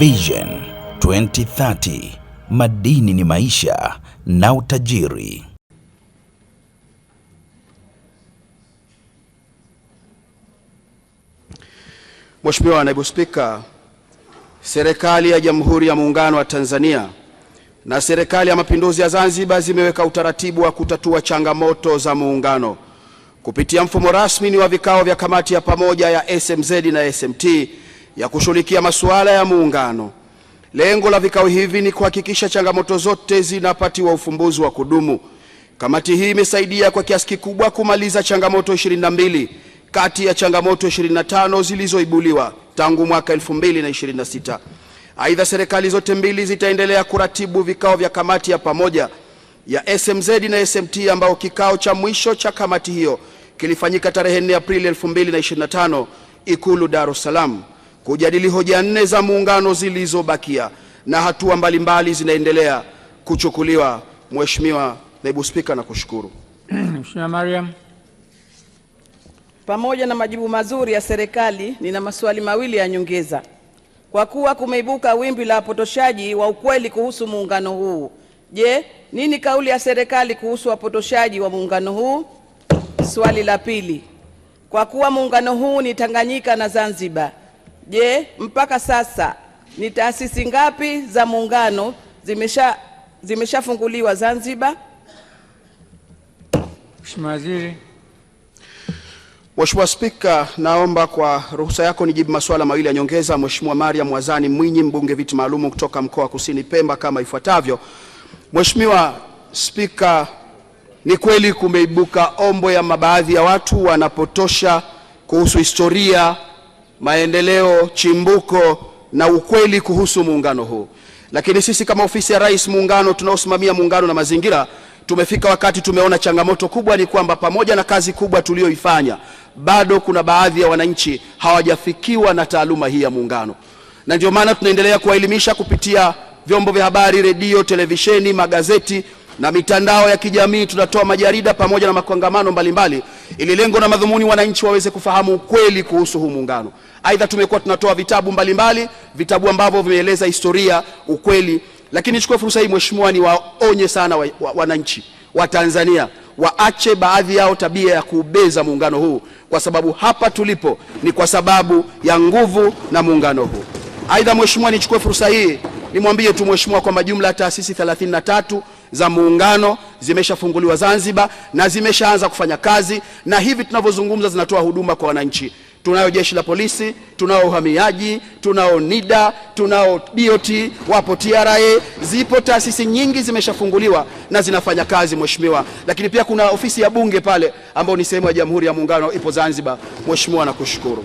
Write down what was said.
Vision 2030 madini ni maisha na utajiri. Mheshimiwa Naibu Spika, serikali ya Jamhuri ya Muungano wa Tanzania na serikali ya Mapinduzi ya Zanzibar zimeweka utaratibu wa kutatua changamoto za muungano kupitia mfumo rasmi ni wa vikao vya kamati ya pamoja ya SMZ na SMT ya kushughulikia masuala ya muungano. Lengo la vikao hivi ni kuhakikisha changamoto zote zinapatiwa ufumbuzi wa kudumu. Kamati hii imesaidia kwa kiasi kikubwa kumaliza changamoto 22 kati ya changamoto 25 zilizoibuliwa tangu mwaka 2026. Aidha, serikali zote mbili zitaendelea kuratibu vikao vya kamati ya pamoja ya SMZ na SMT ambao kikao cha mwisho cha kamati hiyo kilifanyika tarehe 4 Aprili 2025 Ikulu Dar es Salaam kujadili hoja nne za muungano zilizobakia na hatua mbalimbali zinaendelea kuchukuliwa. Mheshimiwa Naibu Spika, nakushukuru. Mheshimiwa Mariam. Pamoja na majibu mazuri ya serikali, nina maswali mawili ya nyongeza. Kwa kuwa kumeibuka wimbi la wapotoshaji wa ukweli kuhusu muungano huu, je, nini kauli ya serikali kuhusu wapotoshaji wa muungano huu? Swali la pili, kwa kuwa muungano huu ni Tanganyika na Zanzibar, Je, mpaka sasa ni taasisi ngapi za muungano zimesha zimeshafunguliwa Zanzibar? Mheshimiwa Waziri. Mheshimiwa Spika, naomba kwa ruhusa yako nijibu masuala mawili ya nyongeza Mheshimiwa Mariam Wazani Mwinyi, mbunge viti maalum kutoka mkoa wa Kusini Pemba, kama ifuatavyo. Mheshimiwa Spika, ni kweli kumeibuka ombo ya mabaadhi ya watu wanapotosha kuhusu historia maendeleo, chimbuko na ukweli kuhusu muungano huu. Lakini sisi kama ofisi ya rais muungano tunaosimamia muungano na mazingira, tumefika wakati tumeona changamoto kubwa ni kwamba pamoja na kazi kubwa tuliyoifanya, bado kuna baadhi ya wananchi hawajafikiwa na taaluma hii ya muungano, na ndio maana tunaendelea kuwaelimisha kupitia vyombo vya habari, redio, televisheni, magazeti na mitandao ya kijamii. Tunatoa majarida pamoja na makongamano mbalimbali ili lengo na madhumuni wananchi waweze kufahamu ukweli kuhusu huu muungano. Aidha, tumekuwa tunatoa vitabu mbalimbali mbali, vitabu ambavyo vimeeleza historia, ukweli. Lakini nichukue fursa hii mheshimiwa, ni waonye sana wananchi wa, wananchi wa Tanzania waache baadhi yao tabia ya kuubeza muungano huu, kwa sababu hapa tulipo ni kwa sababu ya nguvu na muungano huu. Aidha mheshimiwa, nichukue fursa hii nimwambie tu mheshimiwa kwamba jumla ya taasisi 33 za muungano zimeshafunguliwa Zanzibar na zimeshaanza kufanya kazi, na hivi tunavyozungumza zinatoa huduma kwa wananchi. Tunayo jeshi la polisi, tunao uhamiaji, tunao NIDA, tunao DOT, wapo TRA. Zipo taasisi nyingi zimeshafunguliwa na zinafanya kazi mheshimiwa, lakini pia kuna ofisi ya bunge pale ambayo ni sehemu ya Jamhuri ya Muungano ipo Zanzibar. Mheshimiwa, nakushukuru.